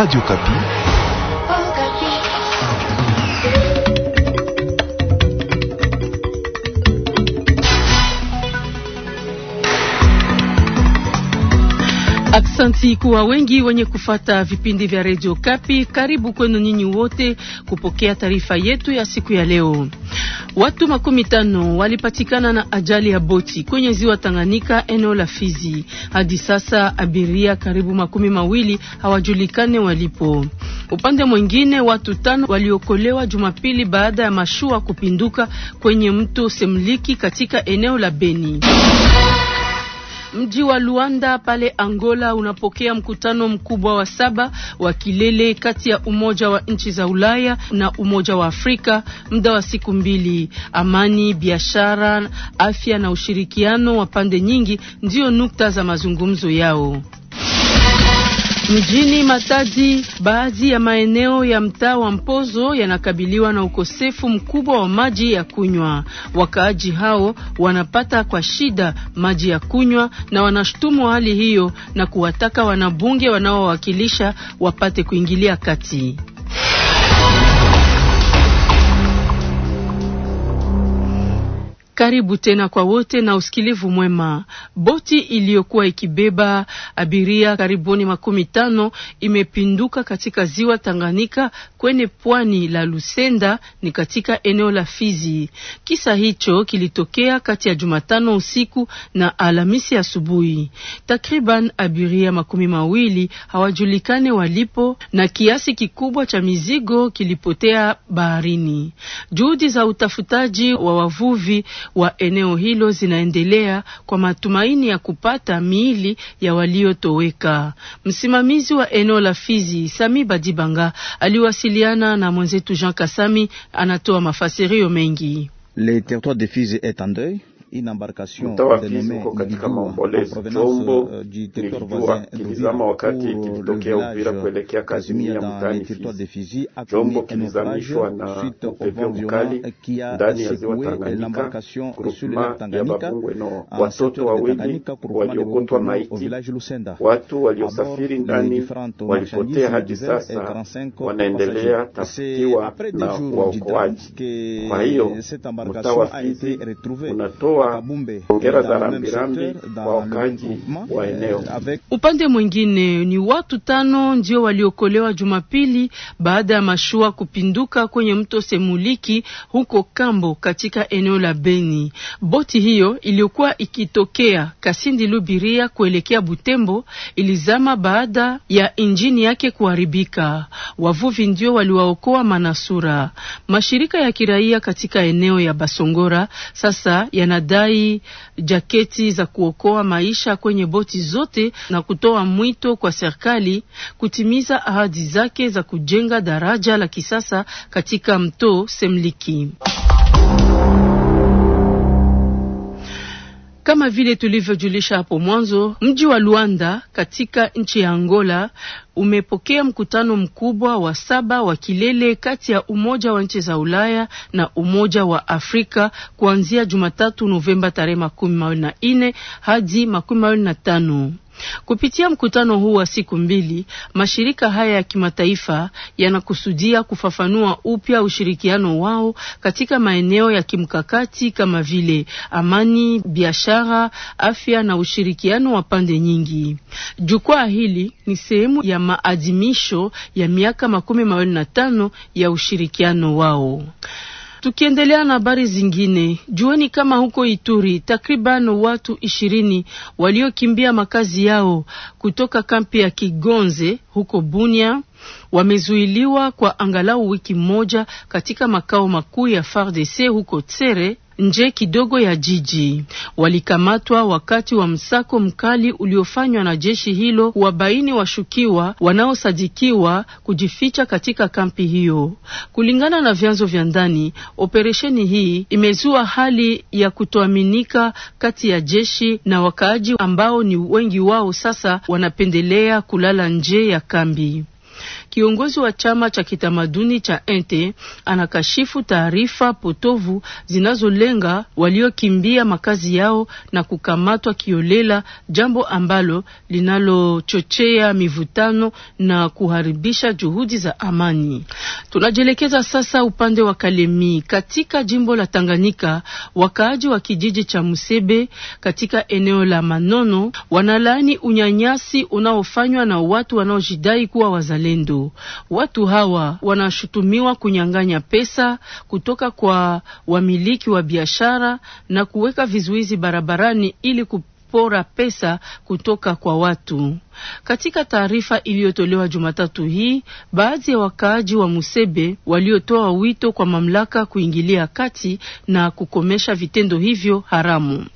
Radio Kapi. Aksanti kuwa wengi wenye kufata vipindi vya Radio Kapi. Karibu kwenu nyinyi wote kupokea taarifa yetu ya siku ya leo. Watu makumi tano walipatikana na ajali ya boti kwenye ziwa Tanganyika eneo la Fizi. Hadi sasa abiria karibu makumi mawili hawajulikane walipo. Upande mwingine, watu tano waliokolewa Jumapili baada ya mashua kupinduka kwenye mto Semliki katika eneo la Beni. Mji wa Luanda pale Angola unapokea mkutano mkubwa wa saba wa kilele kati ya Umoja wa Nchi za Ulaya na Umoja wa Afrika muda wa siku mbili. Amani, biashara, afya na ushirikiano wa pande nyingi ndiyo nukta za mazungumzo yao. Mjini Matadi, baadhi ya maeneo ya mtaa wa Mpozo yanakabiliwa na ukosefu mkubwa wa maji ya kunywa. Wakaaji hao wanapata kwa shida maji ya kunywa na wanashutumu hali hiyo na kuwataka wanabunge wanaowakilisha wapate kuingilia kati. Karibu tena kwa wote na usikilivu mwema. Boti iliyokuwa ikibeba abiria karibuni makumi tano imepinduka katika ziwa Tanganyika kwenye pwani la Lusenda ni katika eneo la Fizi. Kisa hicho kilitokea kati ya Jumatano usiku na Alhamisi asubuhi. Takriban abiria makumi mawili hawajulikane walipo na kiasi kikubwa cha mizigo kilipotea baharini. Juhudi za utafutaji wa wavuvi wa eneo hilo zinaendelea kwa matumaini ya kupata miili ya waliotoweka. Msimamizi wa eneo la Fizi Sami Badibanga aliwasiliana na mwenzetu Jean Kasami, anatoa mafasirio mengi. Le territoire de Fizi est en deuil Mtawakizi huko katika maombolezo. Chombo nilijua kilizama wakati kilitokea Uvira kuelekea Kazimia mtaani Fizi. Chombo kilizamishwa na upevyo mkali ndani ya ziwa Tanganyika, grupema ya Babungwe no watoto wawili waliokotwa maiti. Watu waliosafiri ndani walipotea, hadi sasa wanaendelea tafutiwa na waokoaji. Kwa hiyo mtawakizi unatoa kutoa hongera za rambirambi kwa wakaji wa eneo. Eh, Upande mwingine ni watu tano ndio waliokolewa Jumapili baada ya mashua kupinduka kwenye mto Semuliki huko Kambo katika eneo la Beni. Boti hiyo iliyokuwa ikitokea Kasindi Lubiria kuelekea Butembo ilizama baada ya injini yake kuharibika. Wavuvi ndio waliwaokoa manasura. Mashirika ya kiraia katika eneo ya Basongora sasa yana kudai jaketi za kuokoa maisha kwenye boti zote na kutoa mwito kwa serikali kutimiza ahadi zake za kujenga daraja la kisasa katika mto Semliki. Kama vile tulivyojulisha hapo mwanzo, mji wa Luanda katika nchi ya Angola umepokea mkutano mkubwa wa saba wa kilele kati ya Umoja wa Nchi za Ulaya na Umoja wa Afrika kuanzia Jumatatu Novemba tarehe makumi mawili na nne hadi makumi mawili na tano. Kupitia mkutano huu wa siku mbili, mashirika haya ya kimataifa yanakusudia kufafanua upya ushirikiano wao katika maeneo ya kimkakati kama vile amani, biashara, afya na ushirikiano wa pande nyingi. Jukwaa hili ni sehemu ya maadhimisho ya miaka makumi mawili na tano ya ushirikiano wao. Tukiendelea na habari zingine, jueni kama huko Ituri takriban watu ishirini waliokimbia makazi yao kutoka kampi ya Kigonze huko Bunia wamezuiliwa kwa angalau wiki moja katika makao makuu ya FARDC huko Tsere nje kidogo ya jiji. Walikamatwa wakati wa msako mkali uliofanywa na jeshi hilo kuwabaini washukiwa wanaosadikiwa kujificha katika kampi hiyo. Kulingana na vyanzo vya ndani, operesheni hii imezua hali ya kutoaminika kati ya jeshi na wakaaji ambao ni wengi wao sasa wanapendelea kulala nje ya kambi kiongozi wa chama cha kitamaduni cha Ente anakashifu taarifa potovu zinazolenga waliokimbia makazi yao na kukamatwa kiolela, jambo ambalo linalochochea mivutano na kuharibisha juhudi za amani. Tunajielekeza sasa upande wa Kalemi katika jimbo la Tanganyika. Wakaaji wa kijiji cha Musebe katika eneo la Manono wanalaani unyanyasi unaofanywa na watu wanaojidai kuwa wazalendo. Watu hawa wanashutumiwa kunyang'anya pesa kutoka kwa wamiliki wa biashara na kuweka vizuizi barabarani ili pora pesa kutoka kwa watu. Katika taarifa iliyotolewa Jumatatu hii, baadhi ya wakaaji wa Musebe waliotoa wito kwa mamlaka kuingilia kati na kukomesha vitendo hivyo haramu.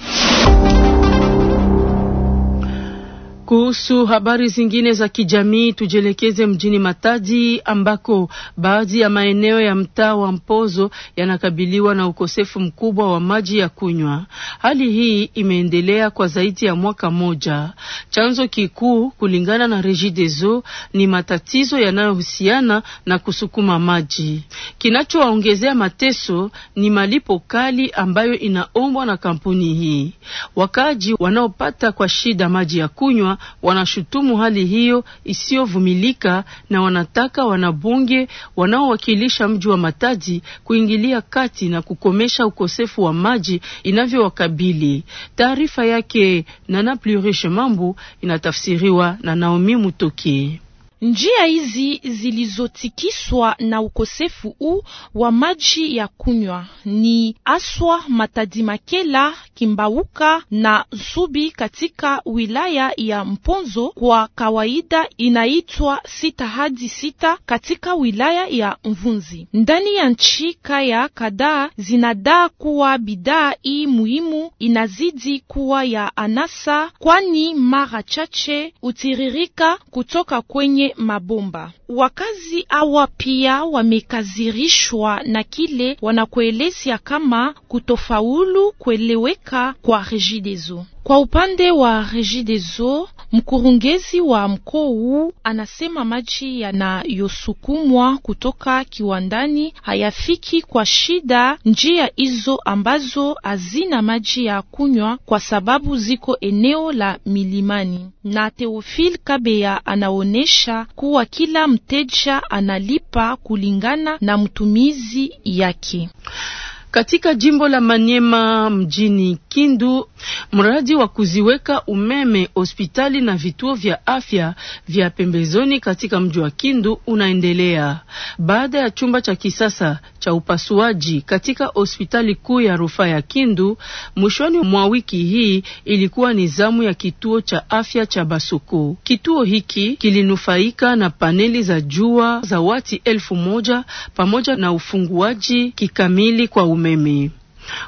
Kuhusu habari zingine za kijamii tujielekeze mjini Matadi ambako baadhi ya maeneo ya mtaa wa Mpozo yanakabiliwa na ukosefu mkubwa wa maji ya kunywa. Hali hii imeendelea kwa zaidi ya mwaka moja. Chanzo kikuu kulingana na Regideso ni matatizo yanayohusiana na kusukuma maji. Kinachowaongezea mateso ni malipo kali ambayo inaombwa na kampuni hii. Wakaji wanaopata kwa shida maji ya kunywa wanashutumu hali hiyo isiyovumilika na wanataka wanabunge wanaowakilisha mji wa Matadi kuingilia kati na kukomesha ukosefu wa maji inavyowakabili. Taarifa yake Nana Plurish Mambu inatafsiriwa na Naomi Mutoki. Njia hizi zilizotikiswa na ukosefu huu wa maji ya kunywa ni aswa Matadimakela, Kimbauka na Zubi katika wilaya ya Mponzo, kwa kawaida inaitwa sita hadi sita katika wilaya ya Mvunzi. Ndani ya nchi kaya kadhaa zinadaa kuwa bidhaa hii muhimu inazidi kuwa ya anasa, kwani mara chache utiririka kutoka kwenye kwenye mabomba. Wakazi hawa pia wamekazirishwa na kile wanakuelezea kama kutofaulu kueleweka kwa Regideso. Kwa upande wa Regideso Mkurugenzi wa mkoa huu anasema maji yanayosukumwa kutoka kiwandani hayafiki kwa shida njia hizo ambazo hazina maji ya kunywa kwa sababu ziko eneo la milimani. Na Teofil Kabeya anaonyesha kuwa kila mteja analipa kulingana na mtumizi yake. Katika jimbo la Manyema mjini Kindu, mradi wa kuziweka umeme hospitali na vituo vya afya vya pembezoni katika mji wa Kindu unaendelea baada ya chumba cha kisasa cha upasuaji katika hospitali kuu ya rufaa ya Kindu mwishoni mwa wiki hii ilikuwa ni zamu ya kituo cha afya cha Basuku. Kituo hiki kilinufaika na paneli za jua za wati elfu moja pamoja na ufunguaji kikamili kwa umeme.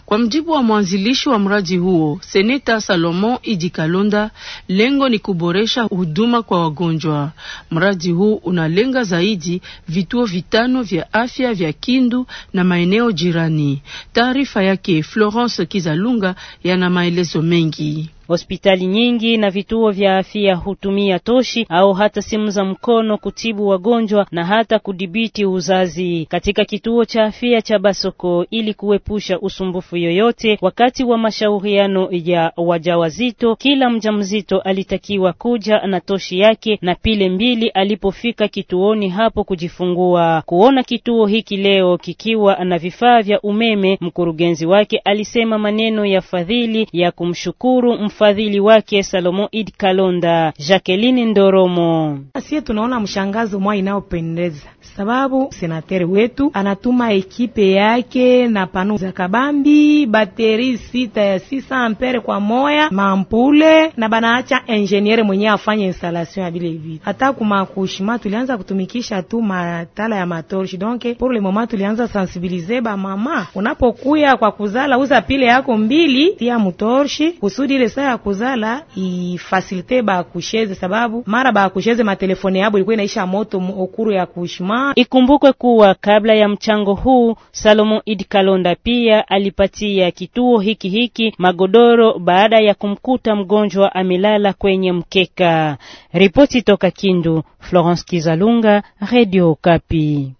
Kwa mjibu wa mwanzilishi wa mradi huo, Seneta Salomon Idi Kalonda, lengo ni kuboresha huduma kwa wagonjwa. Mradi huu unalenga zaidi vituo vitano vya afya vya Kindu na maeneo jirani. Taarifa yake Florence Kizalunga yana maelezo mengi. Hospitali nyingi na vituo vya afya hutumia toshi au hata simu za mkono kutibu wagonjwa na hata kudhibiti uzazi katika kituo cha afya cha Basoko ili kuepusha usumbufu yoyote wakati wa mashauriano ya wajawazito. Kila mjamzito alitakiwa kuja na toshi yake na pile mbili alipofika kituoni hapo kujifungua. Kuona kituo hiki leo kikiwa na vifaa vya umeme, mkurugenzi wake alisema maneno ya fadhili ya kumshukuru ufadhili wake Salomo Id Kalonda. Jacqueline Ndoromo: Asiye tunaona mshangazo mwa inayopendeza sababu senateri wetu anatuma ekipe yake na pano za kabambi bateri sita ya sisa ampere kwa moya mampule na banaacha engineer mwenye afanye installation ya vile vitu. Hata kumakushima tulianza kutumikisha tu matala ya matorshi, donc pour le moment tulianza sensibilize ba mama, unapokuya kwa kuzala uza pile yako mbili tia mutorshi kusudi ile ya kuzala ifasilite kusheze, sababu mara baakusheze matelefone yabo ilikuwa inaisha moto okuru ya kushima. Ikumbukwe kuwa kabla ya mchango huu Salomo Idi Kalonda pia alipatia kituo hiki hiki magodoro baada ya kumkuta mgonjwa amelala kwenye mkeka. Ripoti toka Kindu, Florence Kizalunga, Radio Kapi.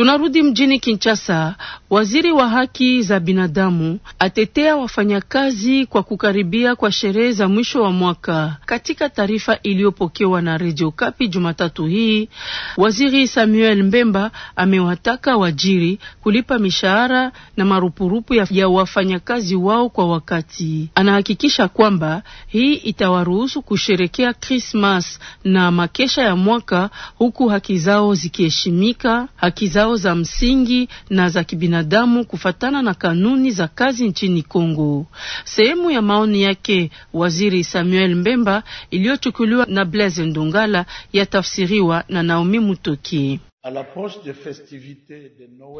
Tunarudi mjini Kinshasa. Waziri wa haki za binadamu atetea wafanyakazi kwa kukaribia kwa sherehe za mwisho wa mwaka. Katika taarifa iliyopokewa na Radio Kapi Jumatatu hii, Waziri Samuel Mbemba amewataka wajiri kulipa mishahara na marupurupu ya, ya wafanyakazi wao kwa wakati. Anahakikisha kwamba hii itawaruhusu kusherekea Krismas na makesha ya mwaka huku haki zao zikiheshimika, haki zao zao za msingi na za kibinadamu kufatana na kanuni za kazi nchini Kongo. Sehemu ya maoni yake Waziri Samuel Mbemba iliyochukuliwa na Blaise Ndungala yatafsiriwa na Naomi Mutoki.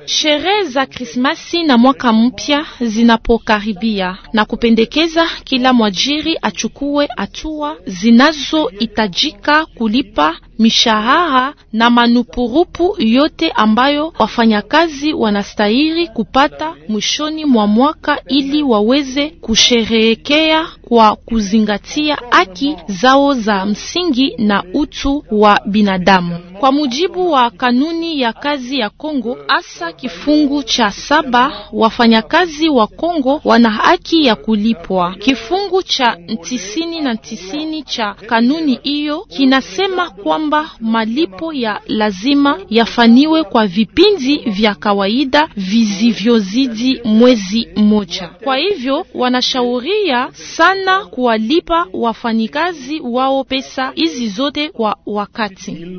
Sherehe za Krismasi na mwaka mpya zinapokaribia na kupendekeza kila mwajiri achukue hatua zinazohitajika kulipa mishahara na manupurupu yote ambayo wafanyakazi wanastahili kupata mwishoni mwa mwaka ili waweze kusherehekea kwa kuzingatia haki zao za msingi na utu wa binadamu. Kwa mujibu wa kanuni ya kazi ya Kongo, hasa kifungu cha saba, wafanyakazi wa Kongo wana haki ya kulipwa. Kifungu cha tisini na tisini cha kanuni hiyo kinasema kwamba kwamba malipo ya lazima yafaniwe kwa vipindi vya kawaida visivyozidi mwezi mmoja. Kwa hivyo wanashauria sana kuwalipa wafanyikazi wao pesa hizi zote kwa wakati.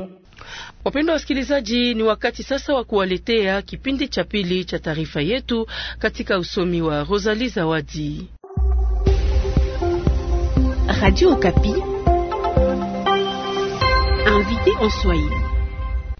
Wapendwa wasikilizaji, ni wakati sasa wa kuwaletea kipindi cha pili cha taarifa yetu katika usomi wa Rosalie Zawadi, Radio Kapi invité en Swahili.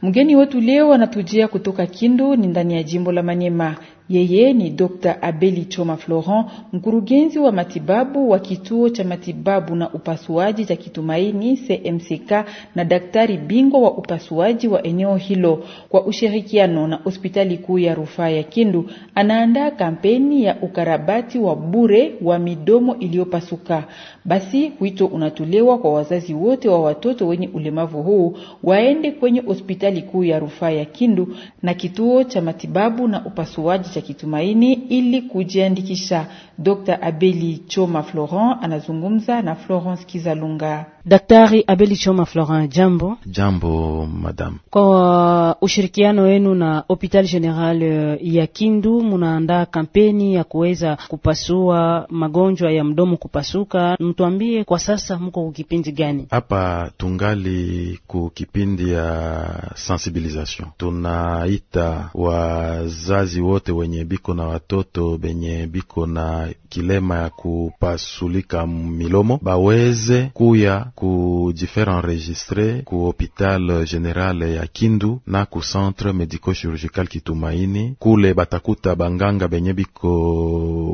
Mgeni wetu leo anatujia kutoka Kindu ni ndani ya jimbo la Manyema. Yeye ni Dr. Abeli Choma Florent, mkurugenzi wa matibabu wa kituo cha matibabu na upasuaji cha Kitumaini CMCK na daktari bingwa wa upasuaji wa eneo hilo. Kwa ushirikiano na hospitali kuu ya rufaa ya Kindu, anaandaa kampeni ya ukarabati wa bure wa midomo iliyopasuka. Basi wito unatolewa kwa wazazi wote wa watoto wenye ulemavu huu waende kwenye hospitali kuu ya rufaa ya Kindu na kituo cha matibabu na upasuaji cha cha Kitumaini ili kujiandikisha. Dr. Abeli Choma Florent anazungumza na Florence Kizalunga. Daktari Abeli Choma Florent, jambo. Jambo madam. Kwa ushirikiano wenu na Hopital General eh, ya Kindu munaandaa kampeni ya kuweza kupasua magonjwa ya mdomo kupasuka. Mtuambie kwa sasa mko kukipindi gani? Hapa tungali kukipindi ya sensibilisation, tunaita wazazi wote wenye biko na watoto benye biko na kilema ya kupasulika milomo baweze kuya kujifera enregistre ku hopital general ya Kindu na ku centre medico chirurgical Kitumaini. Kule batakuta banganga benye biko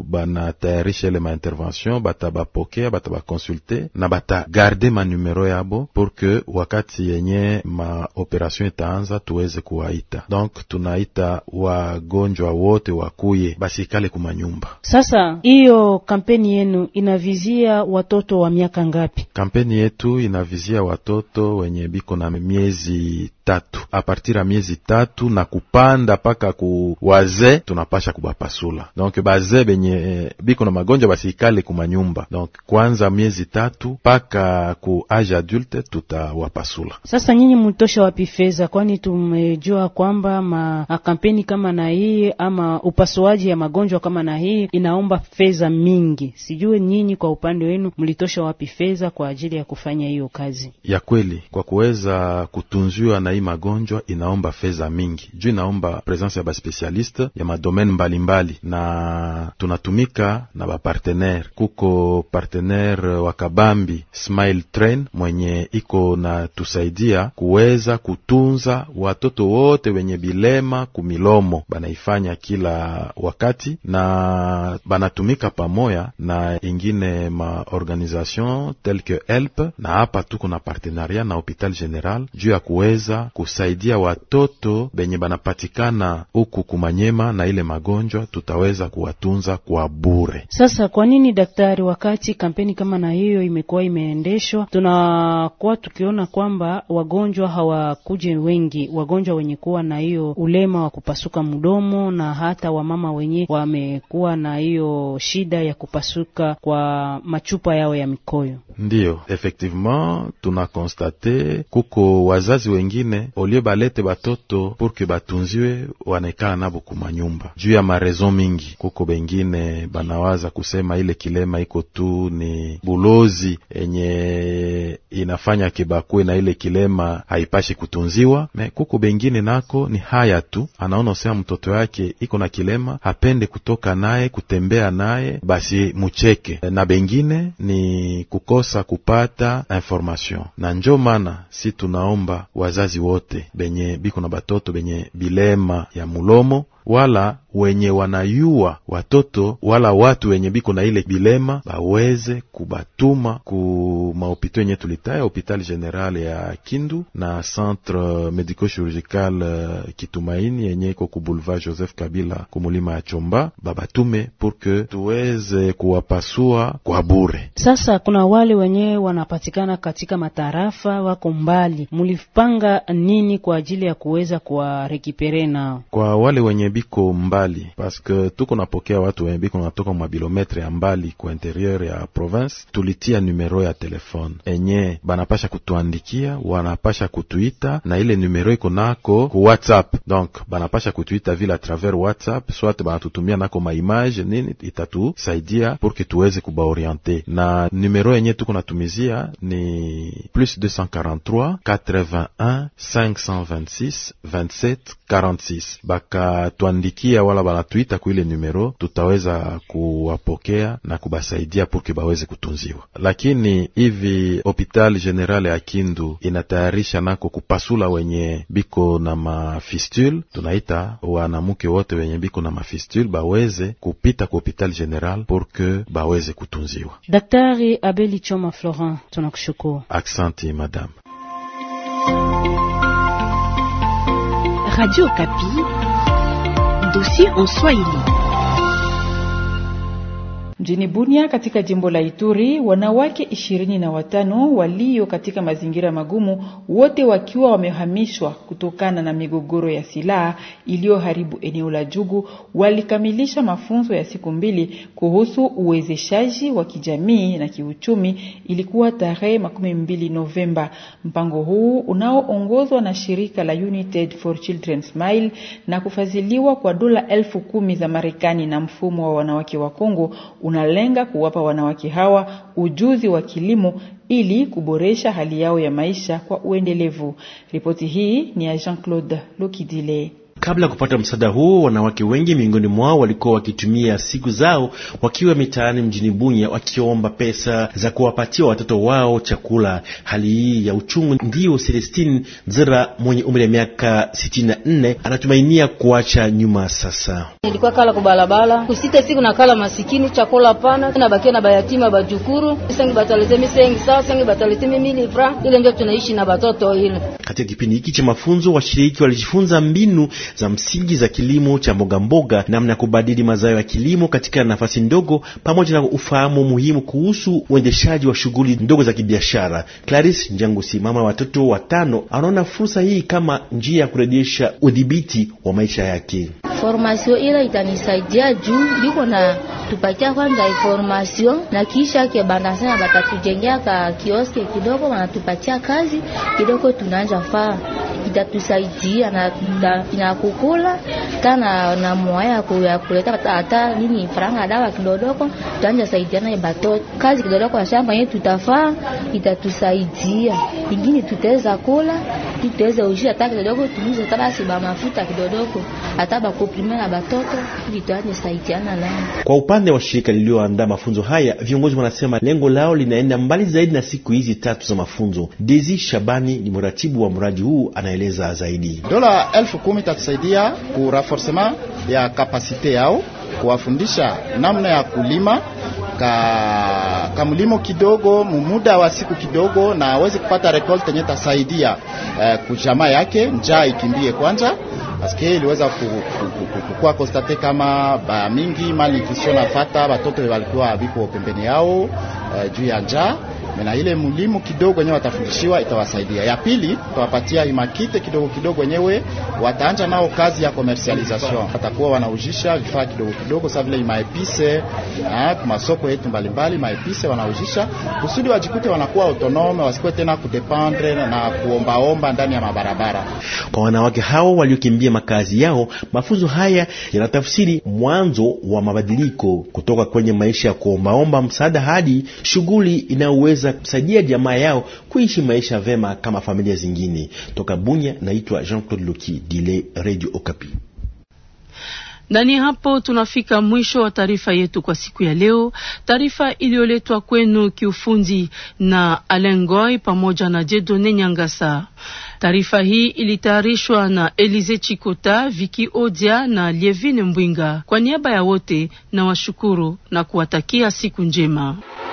banatayarisha ele ma intervention, batabapokea batabakonsulte na batagarde manumero yabo pour que wakati yenye ma operation itaanza tuweze kuwaita. Donc tunaita wagonjwa wote wakuye basikale kumanyumba. Sasa hiyo kampeni yenu inavizia watoto wa miaka ngapi? Kampeni yetu inavizia watoto wenye biko na miezi tatu apartir ya miezi tatu na kupanda paka ku wazee tunapasha kubapasula. Donc bazee benye eh, biko na magonjwa basikale kumanyumba. Donc kwanza miezi tatu paka ku age adulte tutawapasula. Sasa nyinyi mutosha wapi fedha? Kwani tumejua kwamba makampeni kama na hii ama upasuaji ya magonjwa kama na hii inaomba fedha mingi. Sijue nyinyi kwa upande wenu mlitosha wapi fedha kwa ajili ya kufanya hiyo kazi ya kweli kwa kuweza kutunziwa na hii magonjwa inaomba fedha mingi, juu inaomba presence ya baspecialiste ya madomaine mbalimbali, na tunatumika na bapartenere. Kuko partenere wa Kabambi Smile Train mwenye iko na tusaidia kuweza kutunza watoto wote wenye bilema kumilomo, banaifanya kila wakati na banatumika pamoja na ingine ma organisation tel que help, na hapa tuko na partenariat na hopital general juu ya kuweza kusaidia watoto benye banapatikana huku kumanyema na ile magonjwa, tutaweza kuwatunza kwa bure. Sasa kwa nini daktari, wakati kampeni kama na hiyo imekuwa imeendeshwa, tunakuwa tukiona kwamba wagonjwa hawakuje wengi, wagonjwa wenye kuwa na hiyo ulema wa kupasuka mdomo na hata wamama wenye wamekuwa na hiyo shida ya kupasuka kwa machupa yao ya mikoyo, ndiyo effectivement tuna kuko wazazi wengine wengine olie balete batoto purke batunziwe wanaikala nabo kumanyumba juu ya marezo mingi. Kuko bengine banawaza kusema ile kilema iko tu ni bulozi enye inafanya kebakwe na ile kilema haipashi kutunziwa me. Kuko bengine nako ni haya tu, anaona usema mtoto yake iko na kilema hapende kutoka naye kutembea naye, basi mucheke. Na bengine ni kukosa kupata information, na njo maana si tunaomba wazazi wote benye biko na batoto benye bilema ya mulomo wala wenye wanayua watoto wala watu wenye biko na ile bilema baweze kubatuma ku maopito yenye tulitaya hopitali general ya Kindu na centre medico chirurgical euh, Kitumaini yenye iko ku boulevard Joseph Kabila kumulima ya Chomba, babatume pour que tuweze kuwapasua kwa bure. Sasa kuna wale wenye wanapatikana katika matarafa wako mbali, mulipanga nini kwa ajili ya kuweza kuwarekipere nao kwa wale wenye biko mbali paske tuko napokea watu wenye biko natoka mabilometre ya mbali ku interieur ya province. Tulitia numero ya telefone enye banapasha kutuandikia, wanapasha kutuita na ile numero iko nako ku WhatsApp, donc banapasha kutuita vile a travers WhatsApp, soit banatutumia nako maimage nini, itatusaidia porke tuweze kubaoriente na numero enye tuko natumizia ni plus 243 81 526 27 46 baka banatuandikia wala banatuita kuile numero, tutaweza kuwapokea na kubasaidia purke baweze kutunziwa. Lakini hivi hopital general ya Kindu inatayarisha nako kupasula wenye biko na mafistule, tunaita wanamuke wote wenye biko na mafistule baweze kupita ku hopital general purke baweze kutunziwa. Daktari Abeli Choma Florent, tunakushukuru. Aksanti madame. Radio Kapi. aussi en swahili. Mjini Bunia katika jimbo la Ituri, wanawake ishirini na watano walio katika mazingira magumu, wote wakiwa wamehamishwa kutokana na migogoro ya silaha iliyoharibu eneo la Jugu, walikamilisha mafunzo ya siku mbili kuhusu uwezeshaji wa kijamii na kiuchumi. Ilikuwa tarehe makumi mbili Novemba. Mpango huu unaoongozwa na shirika la United for Children Smile na kufadhiliwa kwa dola elfu kumi za Marekani na mfumo wa wanawake wa Kongo unalenga kuwapa wanawake hawa ujuzi wa kilimo ili kuboresha hali yao ya maisha kwa uendelevu. Ripoti hii ni ya Jean-Claude Lokidile. Kabla ya kupata msaada huo, wanawake wengi miongoni mwao walikuwa wakitumia siku zao wakiwa mitaani mjini Bunya wakiomba pesa za kuwapatia watoto wao chakula. Hali hii ya uchungu ndiyo Celestine Zira mwenye umri wa miaka sitini na nne anatumainia kuacha nyuma. Sasa nilikuwa kala kubalabala kusita siku na kala masikini chakula pana nabakia na bayatima bajukuru sengi batalete misengi sawa sengi batalete mimili fra ile ndio tunaishi na batoto ile. Katika kipindi hiki cha mafunzo, washiriki walijifunza mbinu za msingi za kilimo cha mbogamboga, namna ya kubadili mazao ya kilimo katika nafasi ndogo, pamoja na ufahamu muhimu kuhusu uendeshaji wa shughuli ndogo za kibiashara. Clarice Njangusi, mama watoto watano, anaona fursa hii kama njia ya kurejesha udhibiti wa maisha yake. Formasio ile itanisaidia juu liko na tupatia kwanza informasio na kisha ke sana batatujengea ka kioske kidogo, wanatupatia kazi kidogo, tunaanza faa, itatusaidia na ina kukula kana na moya ya kuleta hata nini faranga dawa kidodoko, tuanja saidiana ya bato kazi kidodoko ya shamba yetu tutafaa, itatusaidia ingine tutaweza kula, tutaweza ujia hata kidodoko, tuuze tabasi ba mafuta kidodoko hata bakomplime na batoto vitwani saidiana Kwa upande wa shirika lilioandaa mafunzo haya, viongozi wanasema lengo lao linaenda mbali zaidi na siku hizi tatu za mafunzo. Dezi Shabani ni mratibu wa mradi huu, anaeleza zaidi. Dola elfu kumi itatusaidia ku renforcement ya kapasite yao, kuwafundisha namna ya kulima ka kamlimo kidogo mumuda wa siku kidogo, na aweze kupata rekolte yenye tasaidia eh, kujamaa yake, njaa ikimbie kwanza paske iliweza kukua konstate kama ba mingi malnutrition nafata batoto balikuwa biko pembeni yao uh, juu ya njaa na ile mlimu kidogo wenyewe watafundishiwa itawasaidia. Ya pili tutawapatia imakite kidogo kidogo, wenyewe wataanza nao kazi ya commercialization, watakuwa wanaujisha vifaa kidogo kidogo, saa vile imaepise ah, masoko yetu mbalimbali, maepise wanaujisha kusudi wajikute wanakuwa autonome, wasikuwe tena kudependre na kuombaomba ndani ya mabarabara. Kwa wanawake hao waliokimbia makazi yao, mafunzo haya yanatafsiri mwanzo wa mabadiliko kutoka kwenye maisha ya kuombaomba msaada hadi shughuli inayoweza kuweza kusaidia jamaa yao kuishi maisha vema kama familia zingine. Toka Bunya, naitwa Jean-Claude Loki Dile, Radio Okapi. Ndani hapo tunafika mwisho wa taarifa yetu kwa siku ya leo, taarifa iliyoletwa kwenu kiufundi na Goy pamoja na Jedone Nyangasa. Taarifa hii ilitayarishwa na Elize Chikota, Viki Odia na Lievine Mbwinga. Kwa niaba ya wote, na washukuru na kuwatakia siku njema.